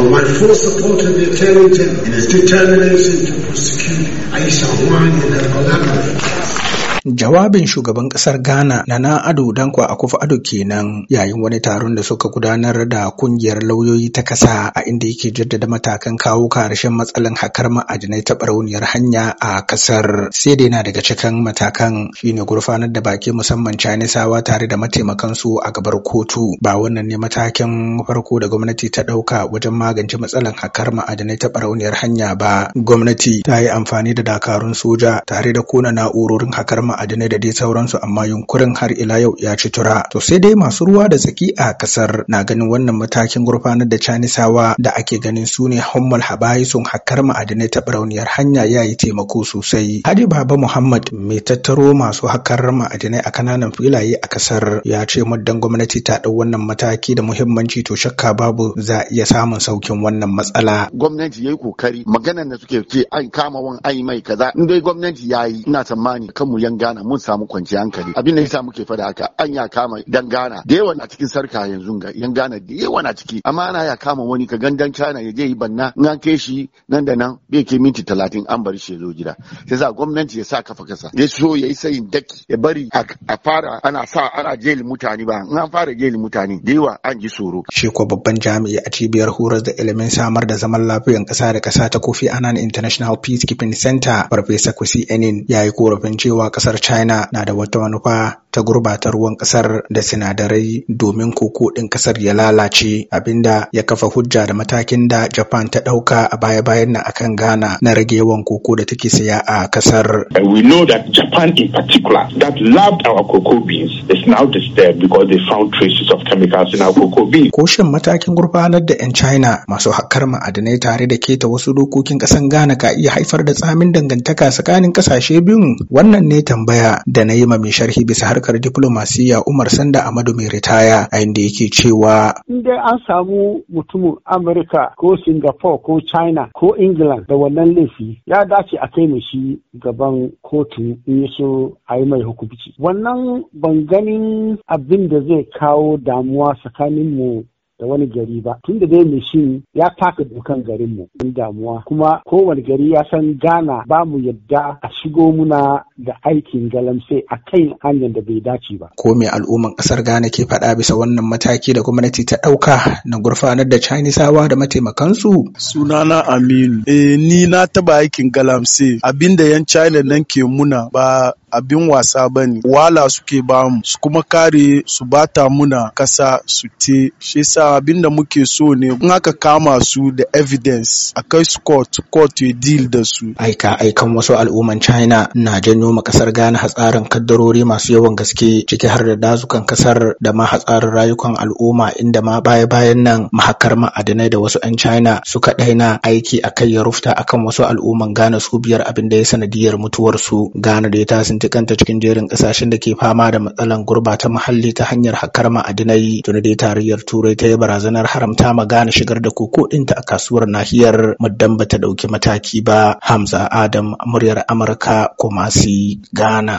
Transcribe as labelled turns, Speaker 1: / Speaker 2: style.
Speaker 1: for my full support of the Lieutenant in his determination to prosecute Aisha
Speaker 2: Wang and her collaborators.
Speaker 3: Jawabin shugaban ƙasar Ghana na na Ado Dankwa a kufa Ado kenan yayin wani taron da suka gudanar da kungiyar lauyoyi ta kasa a inda yake jaddada matakan kawo karshen matsalan hakar ma'ajinai ta barauniyar hanya a kasar Sai dai na daga cikin matakan shine gurfanar da baki musamman Chinesawa tare da mataimakan su a gabar kotu. Ba wannan ne matakin farko da gwamnati ta ɗauka wajen magance matsalan hakar ma'ajinai ta barauniyar hanya ba. Gwamnati ta yi amfani da dakarun soja tare da kona na'urorin hakar ma'adinai da dai sauransu amma yunkurin har ila yau ya ci tura to sai dai masu ruwa da tsaki a kasar na ganin wannan matakin gurfanar da canisawa da ake ganin su ne hammal habayi sun hakkar ma'adinai ta birauniyar hanya ya yi taimako sosai hadi baba muhammad mai tattaro masu hakkar ma'adinai a kananan filaye a kasar ya ce muddan gwamnati ta ɗau wannan mataki da muhimmanci to shakka babu za iya samun saukin
Speaker 2: wannan matsala gwamnati yayi kokari maganar da suke ce an kama wani ai mai kaza in dai gwamnati yayi ina tsammani kanmu yan Ghana mun samu kwanciyar hankali abin da yasa muke fada haka an ya kama dan Ghana da yawa na cikin sarka yanzu ga yan gana da yawa na ciki amma ana ya kama wani ka gandan China ya je yi banna in an kai shi nan da nan bai ke minti talatin an bar shi ya zo gida sai sa gwamnati ya sa kafa kasa ya so ya yi sayin daki ya bari a fara ana sa ana jeli mutane ba in an fara jeli mutane da yawa an ji tsoro.
Speaker 3: Shi babban jami'i a cibiyar horas da ilimin samar da zaman lafiyan ƙasa da kasa ta Kofi Annan International Peacekeeping Center Farfesa kusi Enin ya yi korafin cewa kasar kasar China na da wata manufa ta gurbata ruwan kasar da sinadarai domin koko ɗin kasar ya lalace abinda ya kafa hujja da matakin da Japan ta ɗauka a baya-bayan nan akan Ghana na rage yawan koko da take saya a kasar. We know that Japan in particular that loved our cocoa beans is now disturbed
Speaker 1: because they found traces of chemicals in our cocoa
Speaker 3: beans. Koshin matakin gurbanar da 'yan China masu haƙar ma'adanai tare da ke ta wasu dokokin ƙasan Ghana ka iya haifar da tsamin dangantaka tsakanin ƙasashe biyun wannan ne tambaya da na yi ma mai sharhi bisa har harkar diflomasiyya Umar
Speaker 1: Sanda Amadu
Speaker 3: mai ritaya a inda yake cewa
Speaker 1: in dai an samu mutumin Amurka ko Singapore ko China ko England da wannan laifi ya dace a kai shi gaban kotu in ya so a yi mai hukunci wannan ban ganin abin da zai kawo damuwa tsakanin mu da wani gari ba tun da dai mishin ya taka dukan garin mu in damuwa kuma kowane gari ya san Ghana ba mu yadda a shigo muna da aikin galamse a kan hanyar da bai dace ba ko me al'umman
Speaker 3: kasar Ghana ke faɗa bisa wannan mataki da gwamnati ta ɗauka na gurfanar da Chinesawa da mataimakansu sunana Aminu eh ni na taba aikin galamse abinda yan China nan ke muna ba abin wasa bane wala suke bamu su kuma kare su bata muna kasa su te shi abin da muke so ne in aka kama su da evidence a kai su court court ya deal da su aika aikan wasu al'umman China na janyo ma kasar Ghana hatsarin kaddarori masu yawan gaske ciki har da dazukan kasar da ma hatsarin rayukan al'umma inda ma baya bayan nan mahakar ma'adanai da wasu 'yan China suka daina aiki a kai ya rufta akan wasu al'umman gana su biyar abin da ya sanadiyar mutuwar su Ghana da ya tasin tsinci cikin jerin kasashen da ke fama da matsalar gurbata muhalli ta hanyar hakar ma'adinai tuni dai tarayyar turai ta yi barazanar haramta ma gane shigar da koko ɗinta a kasuwar nahiyar muddan bata ɗauki mataki ba hamza adam muryar amurka kumasi ghana